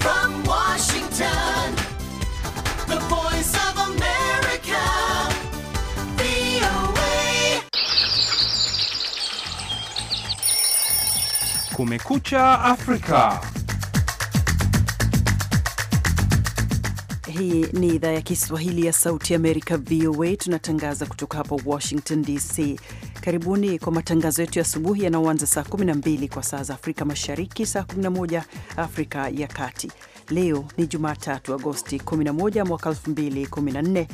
from Washington, the voice of America, VOA. Kumekucha Afrika. Hii ni idhaa ya Kiswahili ya Sauti Amerika, VOA. Tunatangaza kutoka hapa Washington DC. Karibuni kwa matangazo yetu ya asubuhi yanayoanza saa 12 kwa saa za Afrika Mashariki, saa 11 Afrika ya Kati. Leo ni Jumatatu, Agosti 11 mwaka 2014.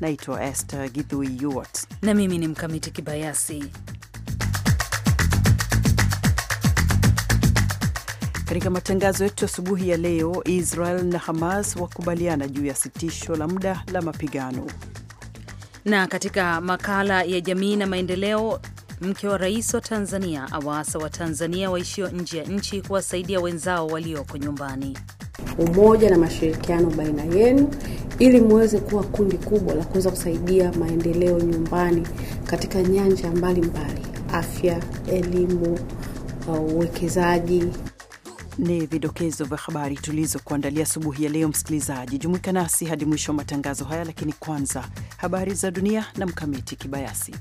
Naitwa Esther Gidhui Yuart na mimi ni Mkamiti Kibayasi. Katika matangazo yetu asubuhi ya leo, Israel na Hamas wakubaliana juu ya sitisho la muda la mapigano. Na katika makala ya jamii na maendeleo, mke wa rais wa Tanzania awaasa tanzania waishio nje ya nchi kuwasaidia wenzao walioko nyumbani. Umoja na mashirikiano baina yenu ili muweze kuwa kundi kubwa la kuweza kusaidia maendeleo nyumbani katika nyanja mbalimbali mbali: afya, elimu, uh, uwekezaji. Ni vidokezo vya habari tulizokuandalia asubuhi ya leo. Msikilizaji, jumuika nasi hadi mwisho wa matangazo haya, lakini kwanza habari za dunia na Mkamiti Kibayasi.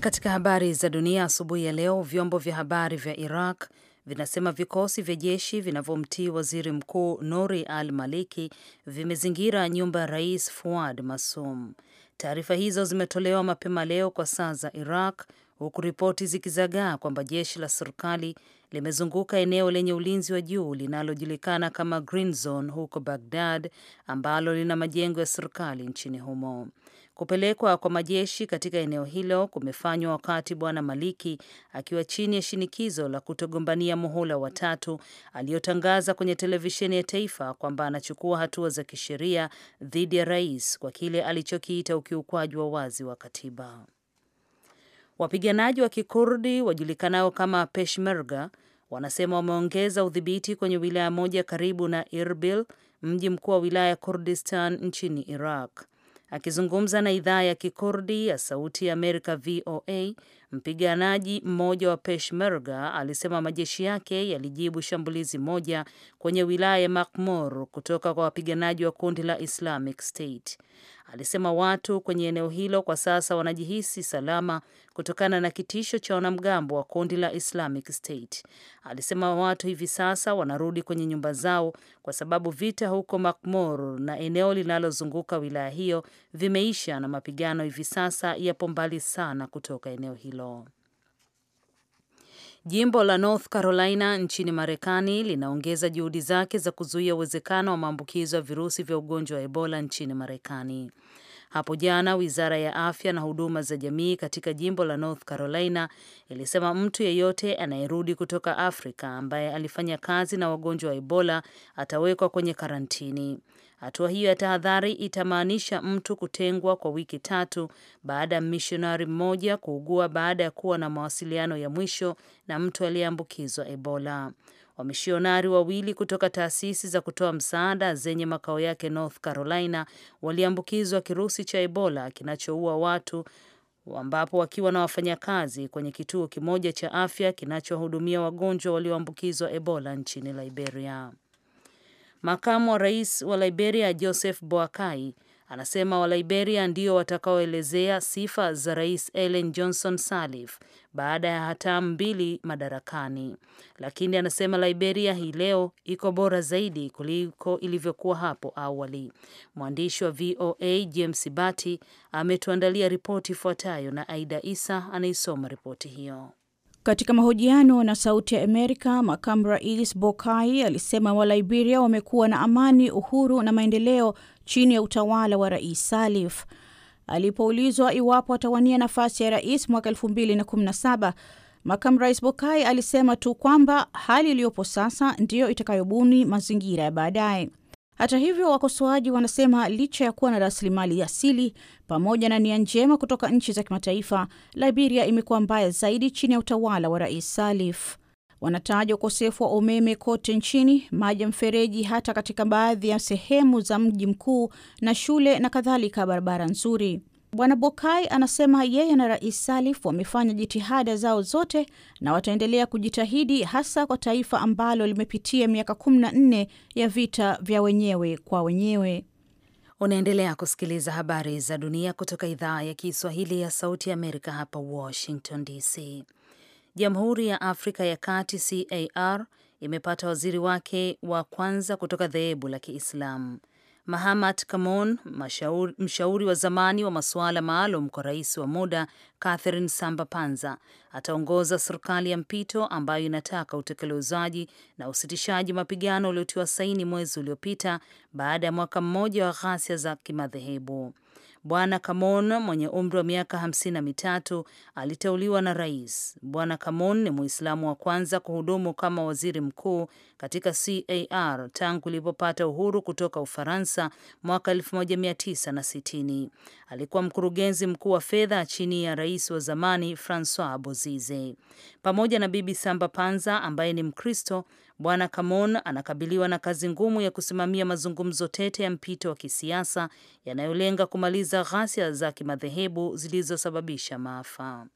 Katika habari za dunia asubuhi ya leo, vyombo vya habari vya Iraq vinasema vikosi vya jeshi vinavyomtii waziri mkuu Nuri al Maliki vimezingira nyumba ya rais Fuad Masum. Taarifa hizo zimetolewa mapema leo kwa saa za Iraq, huku ripoti zikizagaa kwamba jeshi la serikali limezunguka eneo lenye ulinzi wa juu linalojulikana kama Green Zone huko bagdad ambalo lina majengo ya serikali nchini humo. Kupelekwa kwa majeshi katika eneo hilo kumefanywa wakati Bwana Maliki akiwa chini ya shinikizo la kutogombania muhula wa tatu aliyotangaza kwenye televisheni ya taifa kwamba anachukua hatua za kisheria dhidi ya rais kwa kile alichokiita ukiukwaji wa wazi wa katiba. Wapiganaji wa Kikurdi wajulikanao kama Peshmerga wanasema wameongeza udhibiti kwenye wilaya moja karibu na Irbil, mji mkuu wa wilaya ya Kurdistan nchini Iraq. Akizungumza na idhaa ya Kikurdi ya Sauti ya Amerika, VOA, mpiganaji mmoja wa Peshmerga alisema majeshi yake yalijibu shambulizi moja kwenye wilaya ya Makmur kutoka kwa wapiganaji wa kundi la Islamic State. Alisema watu kwenye eneo hilo kwa sasa wanajihisi salama kutokana na kitisho cha wanamgambo wa kundi la Islamic State. Alisema watu hivi sasa wanarudi kwenye nyumba zao kwa sababu vita huko Makmur na eneo linalozunguka wilaya hiyo vimeisha na mapigano hivi sasa yapo mbali sana kutoka eneo hilo. Jimbo la North Carolina nchini Marekani linaongeza juhudi zake za kuzuia uwezekano wa maambukizo ya virusi vya ugonjwa wa Ebola nchini Marekani. Hapo jana wizara ya afya na huduma za jamii katika jimbo la North Carolina ilisema mtu yeyote anayerudi kutoka Afrika ambaye alifanya kazi na wagonjwa wa Ebola atawekwa kwenye karantini. Hatua hiyo ya tahadhari itamaanisha mtu kutengwa kwa wiki tatu baada ya mishonari mmoja kuugua baada ya kuwa na mawasiliano ya mwisho na mtu aliyeambukizwa Ebola. Wamishionari wawili kutoka taasisi za kutoa msaada zenye makao yake North Carolina waliambukizwa kirusi cha Ebola kinachoua watu ambapo wakiwa na wafanyakazi kwenye kituo kimoja cha afya kinachohudumia wagonjwa walioambukizwa Ebola nchini Liberia. Makamu wa rais wa Liberia Joseph Boakai anasema Waliberia ndio watakaoelezea sifa za Rais Ellen Johnson Sirleaf baada ya hatamu mbili madarakani, lakini anasema Liberia hii leo iko bora zaidi kuliko ilivyokuwa hapo awali. Mwandishi wa VOA James Bati ametuandalia ripoti ifuatayo na Aida Isa anaisoma ripoti hiyo. Katika mahojiano na Sauti ya Amerika, makamu rais Bokai alisema Waliberia wamekuwa na amani, uhuru na maendeleo chini ya utawala wa Rais Salif. Alipoulizwa iwapo atawania nafasi ya rais mwaka e217 makamu rais Bokai alisema tu kwamba hali iliyopo sasa ndiyo itakayobuni mazingira ya baadaye. Hata hivyo, wakosoaji wanasema licha ya kuwa na rasilimali asili pamoja na nia njema kutoka nchi za kimataifa, Liberia imekuwa mbaya zaidi chini ya utawala wa Rais Salif. Wanataja ukosefu wa umeme kote nchini, maji ya mfereji hata katika baadhi ya sehemu za mji mkuu, na shule na kadhalika, barabara nzuri. Bwana Bokai anasema yeye na Rais Salif wamefanya jitihada zao zote na wataendelea kujitahidi, hasa kwa taifa ambalo limepitia miaka 14 ya vita vya wenyewe kwa wenyewe. Unaendelea kusikiliza habari za dunia kutoka idhaa ya Kiswahili ya Sauti ya Amerika, hapa Washington DC. Jamhuri ya Afrika ya Kati CAR imepata waziri wake wa kwanza kutoka dhehebu la Kiislamu. Mahamat Kamon, mshauri wa zamani wa masuala maalum kwa rais wa muda Catherine Samba Panza, ataongoza serikali ya mpito ambayo inataka utekelezaji na usitishaji mapigano uliotiwa saini mwezi uliopita baada ya mwaka mmoja wa ghasia za kimadhehebu. Bwana Camon mwenye umri wa miaka hamsini na mitatu aliteuliwa na rais. Bwana Camon ni Muislamu wa kwanza kuhudumu kama waziri mkuu katika CAR tangu ilipopata uhuru kutoka Ufaransa mwaka 1960. Alikuwa mkurugenzi mkuu wa fedha chini ya rais wa zamani Francois Bozize, pamoja na Bibi Samba Panza ambaye ni Mkristo. Bwana Camon anakabiliwa na kazi ngumu ya kusimamia mazungumzo tete ya mpito wa kisiasa yanayolenga kumaliza ghasia za kimadhehebu zilizosababisha maafa.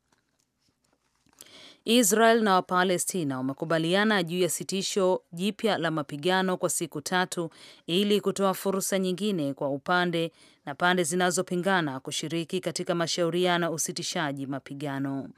Israel na Wapalestina wamekubaliana juu ya sitisho jipya la mapigano kwa siku tatu ili kutoa fursa nyingine kwa upande na pande zinazopingana kushiriki katika mashauriano usitishaji mapigano.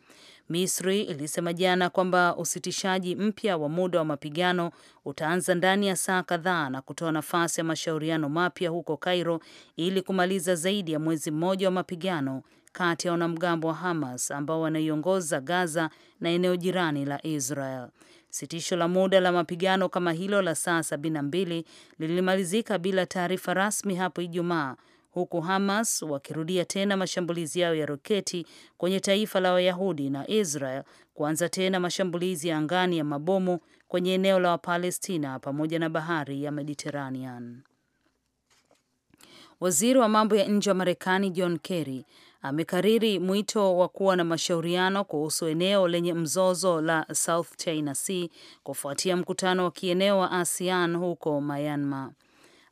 Misri ilisema jana kwamba usitishaji mpya wa muda wa mapigano utaanza ndani ya saa kadhaa na kutoa nafasi ya mashauriano mapya huko Cairo ili kumaliza zaidi ya mwezi mmoja wa mapigano kati ya wanamgambo wa Hamas ambao wanaiongoza Gaza na eneo jirani la Israel. Sitisho la muda la mapigano kama hilo la saa mbili lilimalizika bila taarifa rasmi hapo Ijumaa, huku Hamas wakirudia tena mashambulizi yao ya roketi kwenye taifa la Wayahudi na Israel kuanza tena mashambulizi ya angani ya mabomu kwenye eneo la Wapalestina pamoja na bahari ya Mediterranean. Waziri wa mambo ya nje wa Marekani John Kerry amekariri mwito wa kuwa na mashauriano kuhusu eneo lenye mzozo la South China Sea kufuatia mkutano wa kieneo wa ASEAN huko Myanmar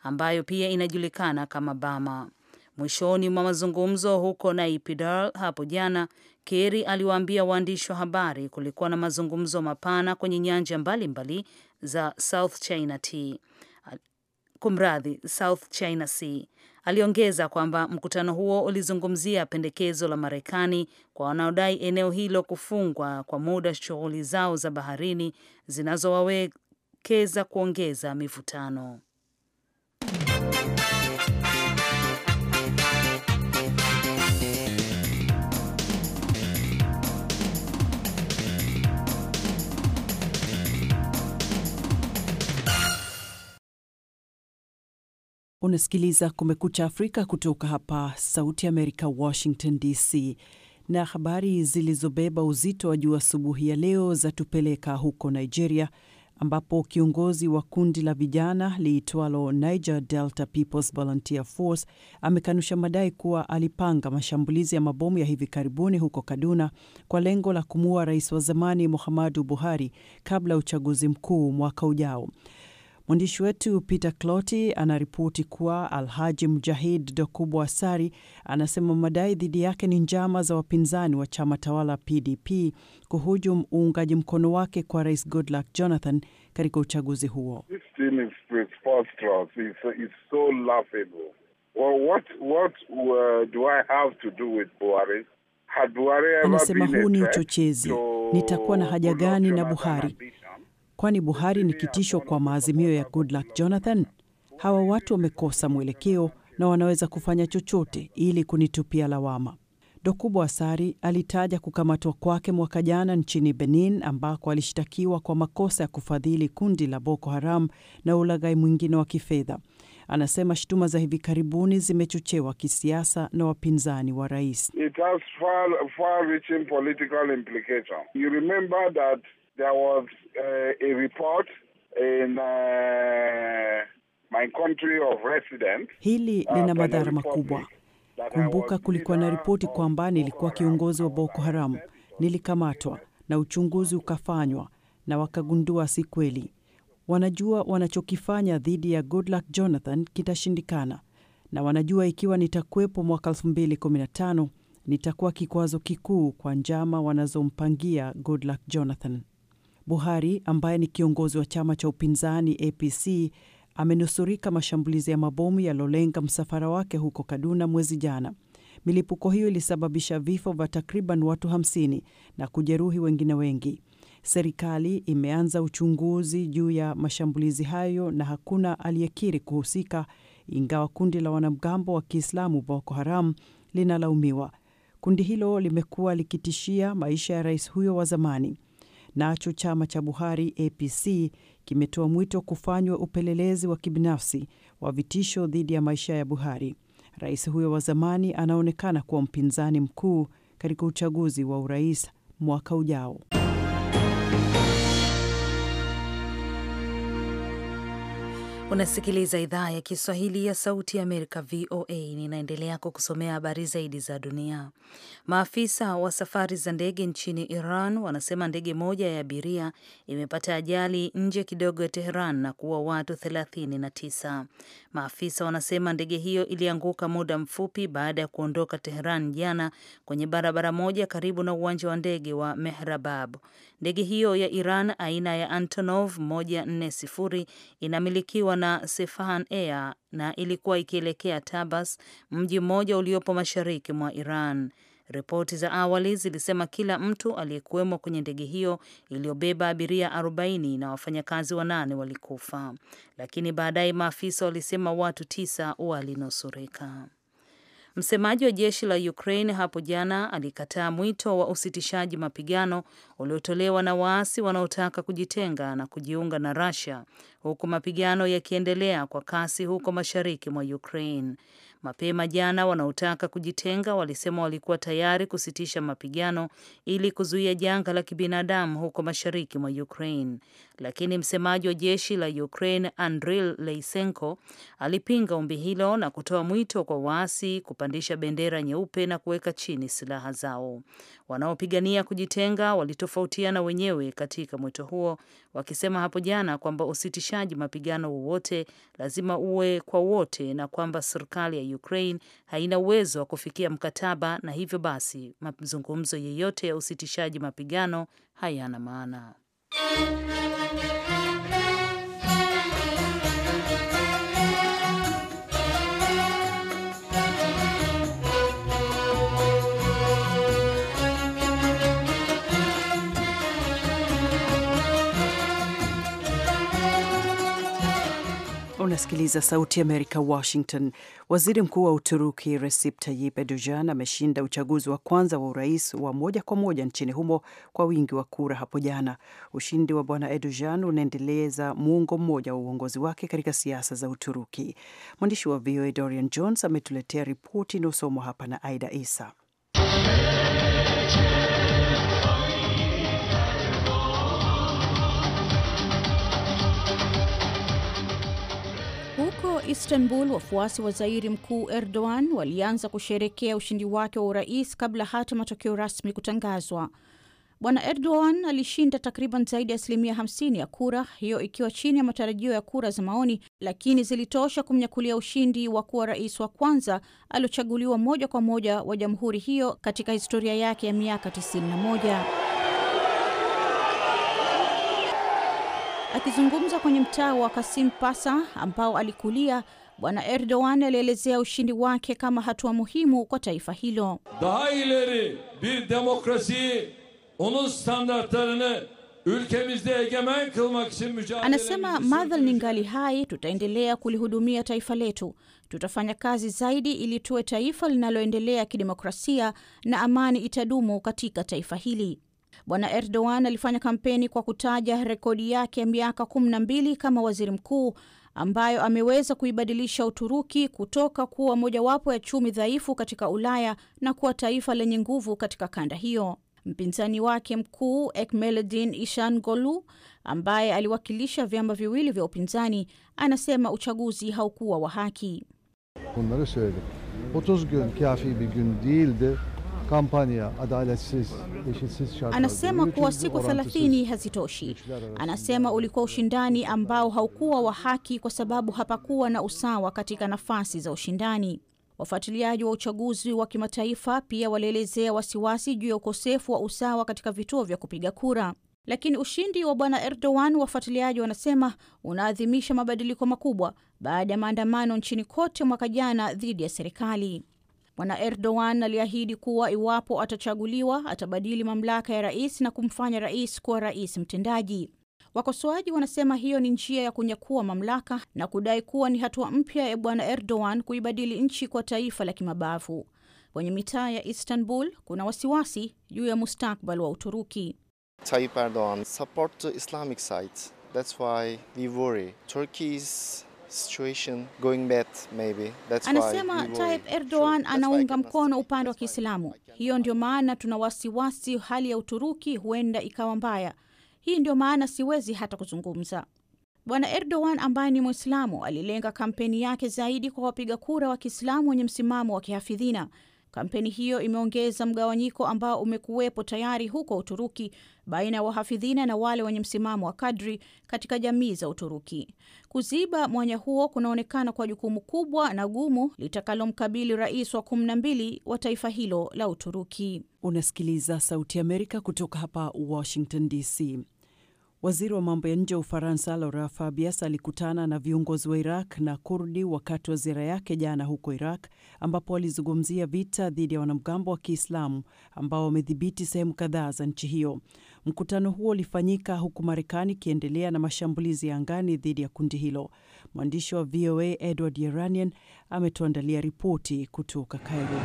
ambayo pia inajulikana kama Bama. Mwishoni mwa mazungumzo huko naipidal hapo jana, Keri aliwaambia waandishi wa habari kulikuwa na mazungumzo mapana kwenye nyanja mbalimbali mbali za South China Sea kumradhi, South China Sea. Aliongeza kwamba mkutano huo ulizungumzia pendekezo la Marekani kwa wanaodai eneo hilo kufungwa kwa muda shughuli zao za baharini zinazowawekeza kuongeza mivutano. Unasikiliza Kumekucha Afrika kutoka hapa Sauti ya Amerika, Washington DC, na habari zilizobeba uzito wa juu asubuhi ya leo za tupeleka huko Nigeria, ambapo kiongozi wa kundi la vijana liitwalo Niger Delta Peoples Volunteer Force amekanusha madai kuwa alipanga mashambulizi ya mabomu ya hivi karibuni huko Kaduna kwa lengo la kumuua rais wa zamani Muhammadu Buhari kabla ya uchaguzi mkuu mwaka ujao. Mwandishi wetu Peter Cloti anaripoti kuwa Alhaji Mujahid dokubwa Asari anasema madai dhidi yake ni njama za wapinzani wa chama tawala PDP kuhujum uungaji mkono wake kwa Rais Goodluck Jonathan katika uchaguzi huo. Anasema huu ni uchochezi. Nitakuwa na haja gani na Buhari? kwani Buhari ni kitisho kwa maazimio ya Goodluck Jonathan. Hawa watu wamekosa mwelekeo na wanaweza kufanya chochote ili kunitupia lawama. Dokubo Asari alitaja kukamatwa kwake mwaka jana nchini Benin ambako alishtakiwa kwa makosa ya kufadhili kundi la Boko Haram na ulaghai mwingine wa kifedha. Anasema shutuma za hivi karibuni zimechochewa kisiasa na wapinzani wa rais. It has far, far there was uh, a report in uh, my country of residence. Hili uh, lina madhara makubwa. Kumbuka, kulikuwa na ripoti kwamba nilikuwa kiongozi wa Boko Haram, nilikamatwa na uchunguzi ukafanywa na wakagundua si kweli. Wanajua wanachokifanya dhidi ya Goodluck Jonathan kitashindikana, na wanajua ikiwa nitakuwepo mwaka 2015 nitakuwa kikwazo kikuu kwa njama wanazompangia Goodluck Jonathan. Buhari ambaye ni kiongozi wa chama cha upinzani APC amenusurika mashambulizi ya mabomu yaliyolenga msafara wake huko Kaduna mwezi jana. Milipuko hiyo ilisababisha vifo vya takriban watu 50 na kujeruhi wengine wengi. Serikali imeanza uchunguzi juu ya mashambulizi hayo na hakuna aliyekiri kuhusika, ingawa kundi la wanamgambo wa Kiislamu Boko Haram linalaumiwa. Kundi hilo limekuwa likitishia maisha ya rais huyo wa zamani. Nacho chama cha Buhari APC kimetoa mwito kufanywa upelelezi wa kibinafsi wa vitisho dhidi ya maisha ya Buhari. Rais huyo wa zamani anaonekana kuwa mpinzani mkuu katika uchaguzi wa urais mwaka ujao. Unasikiliza idhaa ya Kiswahili ya Sauti ya Amerika, VOA. Ninaendelea kukusomea habari zaidi za dunia. Maafisa wa safari za ndege nchini Iran wanasema ndege moja ya abiria imepata ajali nje kidogo ya Teheran na kuua watu 39. Maafisa wanasema ndege hiyo ilianguka muda mfupi baada ya kuondoka Tehran jana kwenye barabara moja karibu na uwanja wa ndege wa Mehrabab. Ndege hiyo ya Iran aina ya Antonov 140 inamilikiwa na Sefahan Air na ilikuwa ikielekea Tabas, mji mmoja uliopo mashariki mwa Iran. Ripoti za awali zilisema kila mtu aliyekuwemo kwenye ndege hiyo iliyobeba abiria 40 na wafanyakazi wanane walikufa, lakini baadaye maafisa walisema watu tisa walinusurika. Msemaji wa jeshi la Ukraine hapo jana alikataa mwito wa usitishaji mapigano uliotolewa na waasi wanaotaka kujitenga na kujiunga na Russia, huku mapigano yakiendelea kwa kasi huko mashariki mwa Ukraine. Mapema jana, wanaotaka kujitenga walisema walikuwa tayari kusitisha mapigano ili kuzuia janga la kibinadamu huko mashariki mwa Ukraine lakini msemaji wa jeshi la Ukraine Andriy Lysenko alipinga ombi hilo na kutoa mwito kwa waasi kupandisha bendera nyeupe na kuweka chini silaha zao. Wanaopigania kujitenga walitofautiana wenyewe katika mwito huo, wakisema hapo jana kwamba usitishaji mapigano wowote lazima uwe kwa wote na kwamba serikali ya Ukraine haina uwezo wa kufikia mkataba na hivyo basi mazungumzo yeyote ya usitishaji mapigano hayana maana. Thank you. Unasikiliza Sauti Amerika, Washington. Waziri Mkuu wa Uturuki Recep Tayyip Erdogan ameshinda uchaguzi wa kwanza wa urais wa moja kwa moja nchini humo kwa wingi wa kura hapo jana. Ushindi wa Bwana Erdogan unaendeleza muungo mmoja wa uongozi wake katika siasa za Uturuki. Mwandishi wa VOA Dorian Jones ametuletea ripoti inayosomwa hapa na Aida Isa. Istanbul, wafuasi wa Zairi mkuu Erdogan walianza kusherekea ushindi wake wa urais kabla hata matokeo rasmi kutangazwa. Bwana Erdogan alishinda takriban zaidi ya asilimia 50 ya kura, hiyo ikiwa chini ya matarajio ya kura za maoni, lakini zilitosha kumnyakulia ushindi wa kuwa rais wa kwanza aliochaguliwa moja kwa moja wa jamhuri hiyo katika historia yake ya miaka 91. Akizungumza kwenye mtaa wa Kasim Pasa ambao alikulia, Bwana Erdogan alielezea ushindi wake kama hatua muhimu kwa taifa hilo. daha ileri bir demokrasiyi onun standartlarini ülkemizde egemen kılmak için mücadele. Anasema madhal ni ngali hai, tutaendelea kulihudumia taifa letu, tutafanya kazi zaidi ili tuwe taifa linaloendelea kidemokrasia na amani itadumu katika taifa hili. Bwana Erdogan alifanya kampeni kwa kutaja rekodi yake ya miaka kumi na mbili kama waziri mkuu ambayo ameweza kuibadilisha Uturuki kutoka kuwa mojawapo ya chumi dhaifu katika Ulaya na kuwa taifa lenye nguvu katika kanda hiyo. Mpinzani wake mkuu Ekmeledin Ishan-Golu ambaye aliwakilisha vyama viwili vya upinzani anasema uchaguzi haukuwa wa haki. Kampanya adaletsiz, eşitsiz şartlar. Anasema kuwa siku 30 hazitoshi. Anasema ulikuwa ushindani ambao haukuwa wa haki kwa sababu hapakuwa na usawa katika nafasi za ushindani. Wafuatiliaji wa uchaguzi wa kimataifa pia walielezea wasiwasi juu ya ukosefu wa usawa katika vituo vya kupiga kura. Lakini ushindi wa bwana Erdogan, wafuatiliaji wanasema, unaadhimisha mabadiliko makubwa baada ya maandamano nchini kote mwaka jana dhidi ya serikali. Bwana Erdogan aliahidi kuwa iwapo atachaguliwa atabadili mamlaka ya rais na kumfanya rais kuwa rais mtendaji. Wakosoaji wanasema hiyo ni njia ya kunyakua mamlaka na kudai kuwa ni hatua mpya ya Bwana Erdogan kuibadili nchi kwa taifa la kimabavu. Kwenye mitaa ya Istanbul kuna wasiwasi juu ya mustakbal wa Uturuki. Tayyip Erdogan support Islamic That's why we worry situation going bad maybe. That's anasema why Tayyip Erdogan sure. anaunga mkono upande wa Kiislamu. Oh Hiyo ndio maana tuna wasiwasi, hali ya Uturuki huenda ikawa mbaya. Hii ndio maana siwezi hata kuzungumza. Bwana Erdogan ambaye ni Mwislamu alilenga kampeni yake zaidi kwa wapiga kura wa Kiislamu wenye msimamo wa kihafidhina Kampeni hiyo imeongeza mgawanyiko ambao umekuwepo tayari huko Uturuki baina ya wahafidhina na wale wenye msimamo wa kadri katika jamii za Uturuki. Kuziba mwanya huo kunaonekana kwa jukumu kubwa na gumu litakalomkabili rais wa kumi na mbili wa taifa hilo la Uturuki. Unasikiliza Sauti ya Amerika kutoka hapa Washington DC. Waziri wa mambo ya nje wa Ufaransa Laura Fabius alikutana na viongozi wa Iraq na Kurdi wakati wa ziara yake jana huko Iraq, ambapo walizungumzia vita dhidi ya wanamgambo wa Kiislamu ambao wamedhibiti sehemu kadhaa za nchi hiyo. Mkutano huo ulifanyika huku Marekani ikiendelea na mashambulizi ya angani dhidi ya kundi hilo. Mwandishi wa VOA Edward Yeranian ametuandalia ripoti kutoka Cairo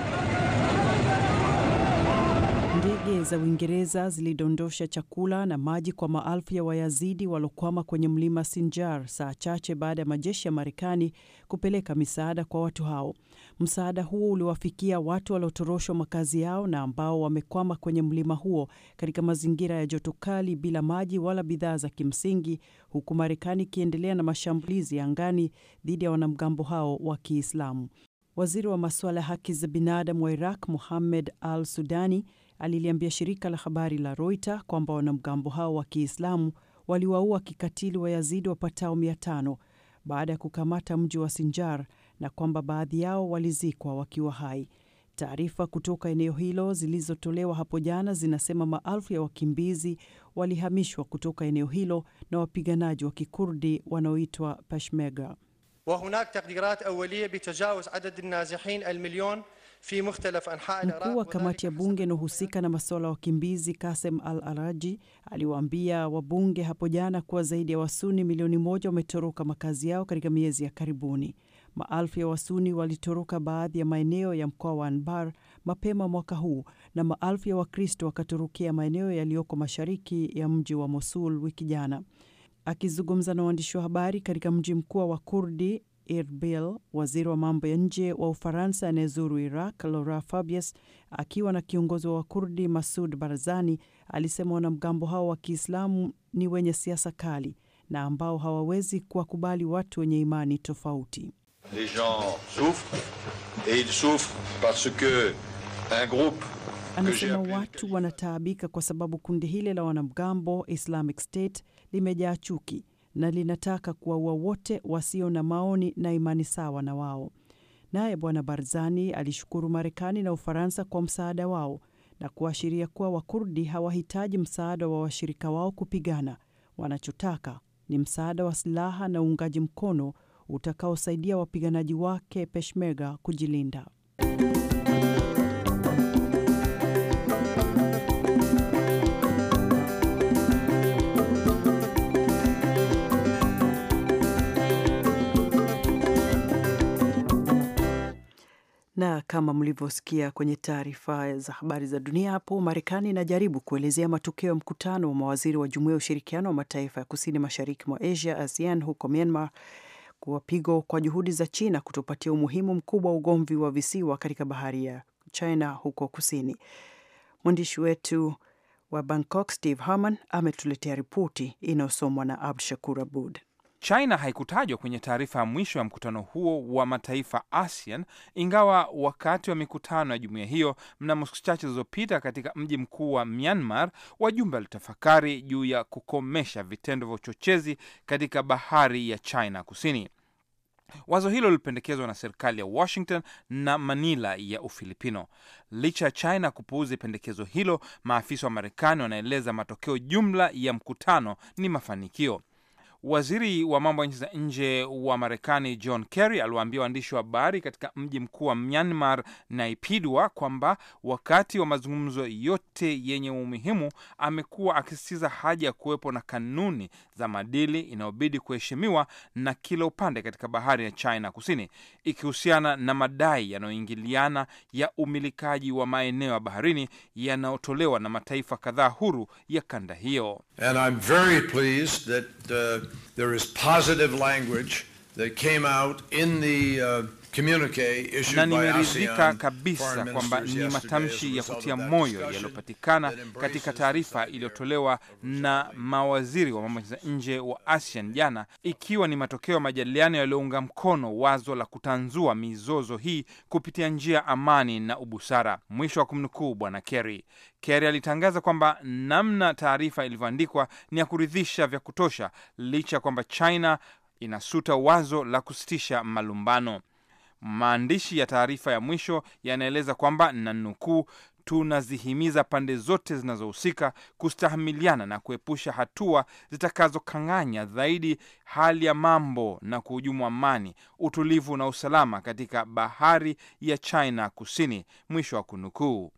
za Uingereza zilidondosha chakula na maji kwa maalfu ya Wayazidi waliokwama kwenye mlima Sinjar saa chache baada ya majeshi ya Marekani kupeleka misaada kwa watu hao. Msaada huo uliwafikia watu waliotoroshwa makazi yao na ambao wamekwama kwenye mlima huo katika mazingira ya joto kali bila maji wala bidhaa za kimsingi, huku Marekani ikiendelea na mashambulizi ya angani dhidi ya wanamgambo hao wa Kiislamu. Waziri wa masuala ya haki za binadamu wa Iraq muhammed Al Sudani aliliambia shirika la habari la Reuters kwamba wanamgambo hao wa Kiislamu waliwaua kikatili Wayazidi wapatao mia tano baada ya kukamata mji wa Sinjar na kwamba baadhi yao walizikwa wakiwa hai. Taarifa kutoka eneo hilo zilizotolewa hapo jana zinasema maelfu ya wakimbizi walihamishwa kutoka eneo hilo na wapiganaji wa Kikurdi wanaoitwa Peshmerga. wa hunak takdirat awaliya bitajawuz adad alnazihin Mkuu wa kamati ya bunge inayohusika na masuala ya wakimbizi Kasem Al Araji aliwaambia wabunge hapo jana kuwa zaidi ya wasuni milioni moja wametoroka makazi yao katika miezi ya karibuni. Maelfu ya wasuni walitoroka baadhi ya maeneo ya mkoa wa Anbar mapema mwaka huu na maelfu ya Wakristo wakatorokea maeneo yaliyoko mashariki ya mji wa Mosul wiki jana. Akizungumza na waandishi wa habari katika mji mkuu wa Kurdi, Erbil, waziri wa mambo ya nje wa Ufaransa anayezuru Iraq, laura Fabius, akiwa na kiongozi wa Wakurdi Masud Barzani, alisema wanamgambo hao wa Kiislamu ni wenye siasa kali na ambao hawawezi kuwakubali watu wenye imani tofauti. Les gens souffrent et ils souffrent parce que un groupe Anasema watu wanataabika kwa sababu kundi hili la wanamgambo Islamic State limejaa chuki na linataka kuwaua wote wasio na maoni na imani sawa na wao. Naye Bwana Barzani alishukuru Marekani na Ufaransa kwa msaada wao na kuashiria kuwa Wakurdi hawahitaji msaada wa washirika wao kupigana. Wanachotaka ni msaada wa silaha na uungaji mkono utakaosaidia wapiganaji wake Peshmerga kujilinda. Na kama mlivyosikia kwenye taarifa za habari za dunia hapo, Marekani inajaribu kuelezea matokeo ya mkutano wa mawaziri wa Jumuiya ya Ushirikiano wa Mataifa ya Kusini Mashariki mwa Asia, ASEAN, huko Myanmar kuwa pigo kwa juhudi za China kutopatia umuhimu mkubwa wa ugomvi wa visiwa katika bahari ya China huko kusini. Mwandishi wetu wa Bangkok, Steve Harman, ametuletea ripoti inayosomwa na Abdu Shakur Abud. China haikutajwa kwenye taarifa ya mwisho ya mkutano huo wa mataifa ASEAN, ingawa wakati wa mikutano ya jumuiya hiyo mnamo siku chache zilizopita katika mji mkuu wa Myanmar, wajumbe walitafakari juu ya kukomesha vitendo vya uchochezi katika bahari ya China Kusini. Wazo hilo lilipendekezwa na serikali ya Washington na Manila ya Ufilipino. Licha ya China kupuuza pendekezo hilo, maafisa wa Marekani wanaeleza matokeo jumla ya mkutano ni mafanikio. Waziri wa mambo ya nchi za nje wa Marekani John Kerry aliwaambia waandishi wa habari katika mji mkuu wa Myanmar Naipidwa kwamba wakati wa mazungumzo yote yenye umuhimu amekuwa akisisitiza haja ya kuwepo na kanuni za madili inayobidi kuheshimiwa na kila upande katika bahari ya China Kusini, ikihusiana na madai yanayoingiliana ya umilikaji wa maeneo ya baharini yanayotolewa na mataifa kadhaa huru ya kanda hiyo. And I'm very pleased that, uh... there is positive language that came out in the uh, na nimeridhika kabisa kwamba ni matamshi ya kutia moyo yaliyopatikana katika taarifa iliyotolewa na mawaziri wa mambo za nje wa ASEAN jana, ikiwa ni matokeo ya majadiliano yaliyounga mkono wazo la kutanzua mizozo hii kupitia njia amani na ubusara. Mwisho wa kumnukuu Bwana Kerry. Kerry alitangaza kwamba namna taarifa ilivyoandikwa ni ya kuridhisha vya kutosha, licha ya kwamba China inasuta wazo la kusitisha malumbano. Maandishi ya taarifa ya mwisho yanaeleza kwamba na nukuu, tunazihimiza pande zote zinazohusika kustahamiliana na kuepusha hatua zitakazokang'anya zaidi hali ya mambo na kuhujumu amani, utulivu na usalama katika bahari ya China Kusini, mwisho wa kunukuu.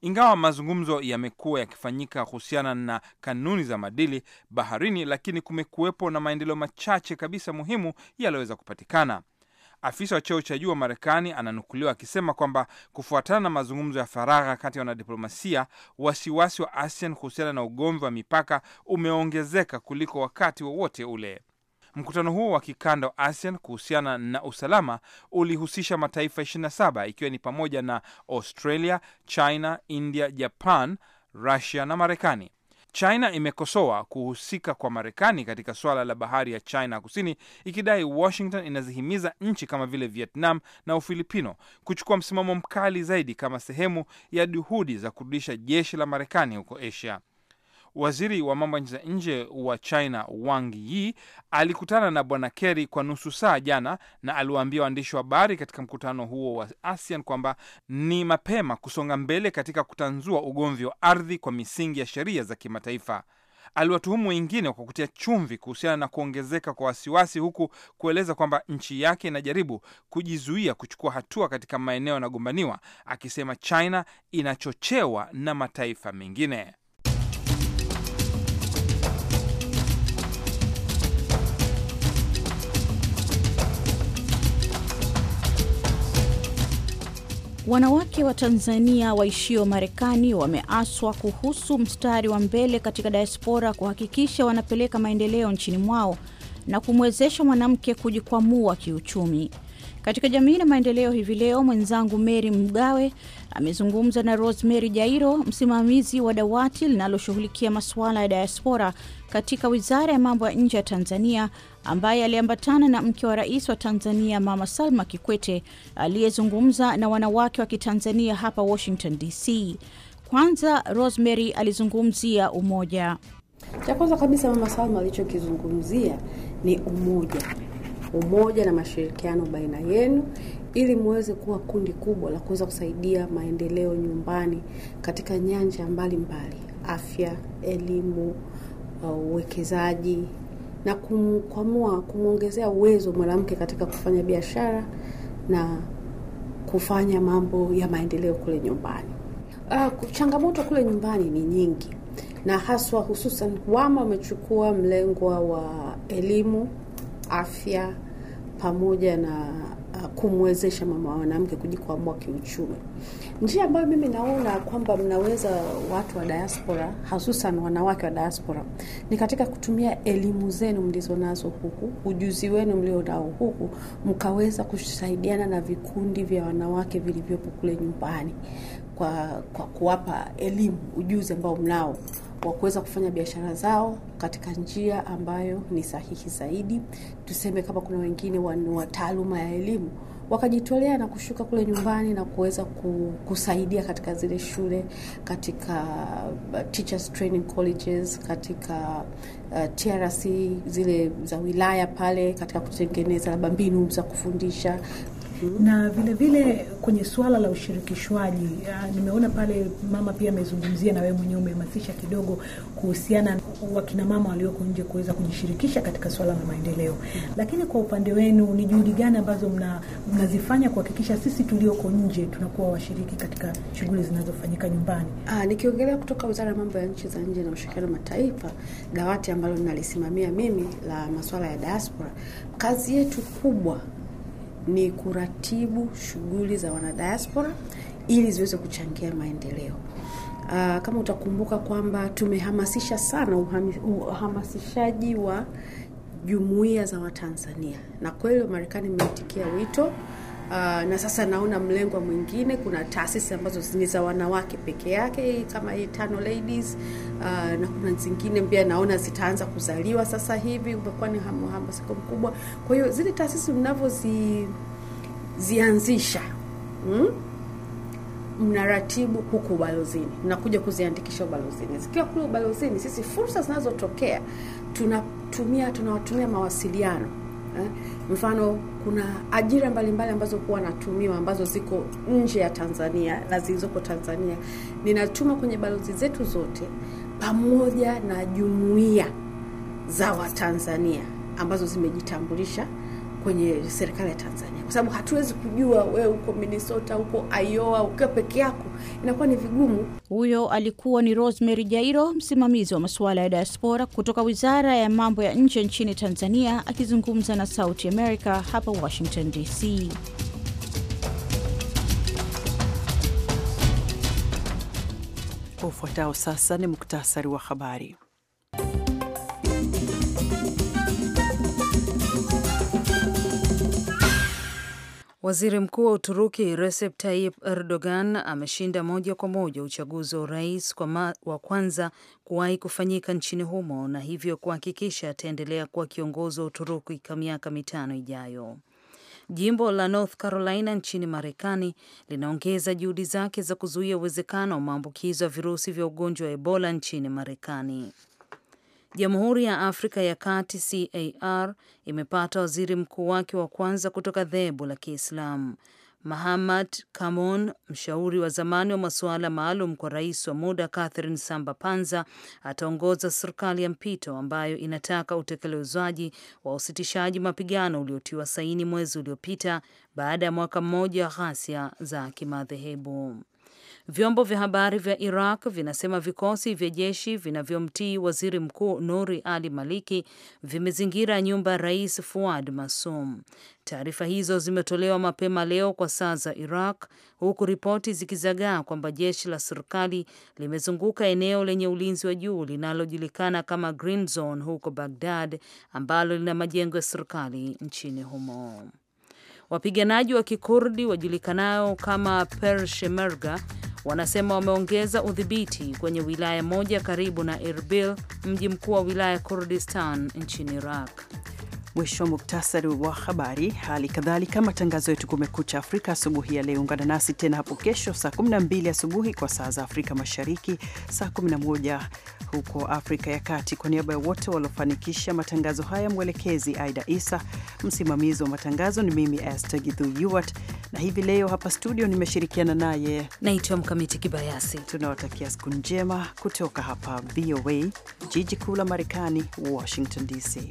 Ingawa mazungumzo yamekuwa yakifanyika kuhusiana na kanuni za madili baharini, lakini kumekuwepo na maendeleo machache kabisa muhimu yaliyoweza kupatikana. Afisa wa cheo cha juu wa Marekani ananukuliwa akisema kwamba kufuatana na mazungumzo ya faragha kati ya wanadiplomasia, wasiwasi wa ASEAN kuhusiana na ugomvi wa mipaka umeongezeka kuliko wakati wowote wa ule. Mkutano huo wa kikanda wa ASEAN kuhusiana na usalama ulihusisha mataifa 27 ikiwa ni pamoja na Australia, China, India, Japan, Rusia na Marekani. China imekosoa kuhusika kwa Marekani katika suala la bahari ya China Kusini, ikidai Washington inazihimiza nchi kama vile Vietnam na Ufilipino kuchukua msimamo mkali zaidi kama sehemu ya juhudi za kurudisha jeshi la Marekani huko Asia. Waziri wa mambo ya nje wa China Wang Yi alikutana na bwana Kerry kwa nusu saa jana, na aliwaambia waandishi wa habari katika mkutano huo wa ASEAN kwamba ni mapema kusonga mbele katika kutanzua ugomvi wa ardhi kwa misingi ya sheria za kimataifa. Aliwatuhumu wengine kwa kutia chumvi kuhusiana na kuongezeka kwa wasiwasi, huku kueleza kwamba nchi yake inajaribu kujizuia kuchukua hatua katika maeneo yanagombaniwa akisema China inachochewa na mataifa mengine. Wanawake wa Tanzania waishio Marekani wameaswa kuhusu mstari wa mbele katika diaspora kuhakikisha wanapeleka maendeleo nchini mwao na kumwezesha mwanamke kujikwamua kiuchumi. Katika jamii na maendeleo hivi leo, mwenzangu Mary Mgawe amezungumza na Rosemary Jairo, msimamizi wa dawati linaloshughulikia masuala ya diaspora katika wizara ya mambo ya nje ya Tanzania ambaye aliambatana na mke wa rais wa Tanzania Mama Salma Kikwete aliyezungumza na wanawake wa Kitanzania hapa Washington DC. Kwanza Rosemary alizungumzia umoja. Cha kwanza kabisa Mama Salma alichokizungumzia ni umoja, umoja na mashirikiano baina yenu ili mweze kuwa kundi kubwa la kuweza kusaidia maendeleo nyumbani katika nyanja mbalimbali mbali: afya, elimu uwekezaji na kumkwamua, kumwongezea uwezo mwanamke katika kufanya biashara na kufanya mambo ya maendeleo kule nyumbani. Uh, changamoto kule nyumbani ni nyingi, na haswa hususan wama wamechukua mlengwa wa elimu, afya pamoja na uh, kumwezesha mama mwanamke kujikwamua kiuchumi. Njia ambayo mimi naona kwamba mnaweza watu wa diaspora, hususan wanawake wa diaspora, ni katika kutumia elimu zenu mlizonazo huku, ujuzi wenu mlionao huku, mkaweza kusaidiana na vikundi vya wanawake vilivyopo kule nyumbani kwa, kwa kuwapa elimu ujuzi ambao mnao wa kuweza kufanya biashara zao katika njia ambayo ni sahihi zaidi. Tuseme kama kuna wengine wa taaluma ya elimu wakajitolea na kushuka kule nyumbani na kuweza kusaidia katika zile shule, katika uh, teachers training colleges, katika uh, TRC zile za wilaya pale, katika kutengeneza labda mbinu za kufundisha, na vilevile vile kwenye suala la ushirikishwaji ah, nimeona pale mama pia amezungumzia, na wewe mwenyewe umehamasisha kidogo kuhusiana wakinamama walioko nje kuweza kujishirikisha katika suala la maendeleo mm -hmm. Lakini kwa upande wenu ni juhudi gani ambazo mna, mnazifanya kuhakikisha sisi tulioko nje tunakuwa washiriki katika shughuli zinazofanyika nyumbani? Ah, nikiongelea kutoka Wizara ya Mambo ya Nchi za Nje na Ushirikiano Mataifa, dawati ambalo nalisimamia mimi la masuala ya diaspora, kazi yetu kubwa ni kuratibu shughuli za wanadiaspora ili ziweze kuchangia maendeleo. Uh, kama utakumbuka kwamba tumehamasisha sana uhamasishaji wa jumuiya za Watanzania na kweli marekani imeitikia wito Uh, na sasa naona mlengwa mwingine, kuna taasisi ambazo ni za wanawake peke yake kama tano Ladies uh, na kuna zingine pia naona zitaanza kuzaliwa sasa hivi, umekuwa ni mhamasiko mkubwa. Kwa hiyo zile taasisi mnavyozianzisha hmm? mnaratibu huku ubalozini, mnakuja kuziandikisha ubalozini. Zikiwa kule ubalozini, sisi fursa zinazotokea tunatumia tunawatumia mawasiliano eh? Mfano, kuna ajira mbalimbali ambazo kuwa natumiwa ambazo ziko nje ya Tanzania na zilizoko Tanzania, ninatuma kwenye balozi zetu zote pamoja na jumuiya za Watanzania ambazo zimejitambulisha kwenye serikali ya Tanzania, kwa sababu hatuwezi kujua wewe uko Minnesota, uko Iowa, ukiwa peke yako inakuwa ni vigumu. Huyo alikuwa ni Rosemary Jairo, msimamizi wa masuala ya diaspora kutoka Wizara ya Mambo ya Nje nchini Tanzania, akizungumza na Sauti America hapa Washington DC. Ufuatao sasa ni muktasari wa habari. Waziri Mkuu wa Uturuki Recep Tayyip Erdogan ameshinda moja kwa moja uchaguzi wa urais wa kwanza kuwahi kufanyika nchini humo na hivyo kuhakikisha ataendelea kuwa kiongozi wa Uturuki kwa miaka mitano ijayo. Jimbo la North Carolina nchini Marekani linaongeza juhudi zake za kuzuia uwezekano wa maambukizo ya virusi vya ugonjwa wa Ebola nchini Marekani. Jamhuri ya Afrika ya Kati CAR imepata waziri mkuu wake wa kwanza kutoka dhehebu la Kiislamu. Mahamad Kamon, mshauri wa zamani wa masuala maalum kwa rais wa muda Catherine Samba Panza, ataongoza serikali ya mpito ambayo inataka utekelezwaji wa usitishaji mapigano uliotiwa saini mwezi uliopita baada ya mwaka mmoja wa ghasia za kimadhehebu. Vyombo vya habari vya Iraq vinasema vikosi vya jeshi vinavyomtii waziri mkuu Nuri Ali Maliki vimezingira nyumba ya rais Fuad Masum. Taarifa hizo zimetolewa mapema leo kwa saa za Iraq, huku ripoti zikizagaa kwamba jeshi la serikali limezunguka eneo lenye ulinzi wa juu linalojulikana kama Green Zone huko bagdad ambalo lina majengo ya serikali nchini humo. Wapiganaji wa Kikurdi wajulikanao kama Peshmerga wanasema wameongeza udhibiti kwenye wilaya moja karibu na Erbil, mji mkuu wa wilaya Kurdistan nchini Iraq. Mwisho wa muktasari wa habari. Hali kadhalika matangazo yetu Kumekucha Afrika asubuhi ya leo. Ungana nasi tena hapo kesho saa 12 asubuhi kwa saa za Afrika Mashariki, saa 11 huko Afrika ya Kati. Kwa niaba ya wote waliofanikisha matangazo haya, mwelekezi Aida Isa, msimamizi wa matangazo ni mimi Esther Githu Yuwat, na hivi leo hapa studio nimeshirikiana naye naitwa Mkamiti Kibayasi. Tunawatakia siku njema kutoka hapa VOA, jiji kuu la Marekani, Washington DC.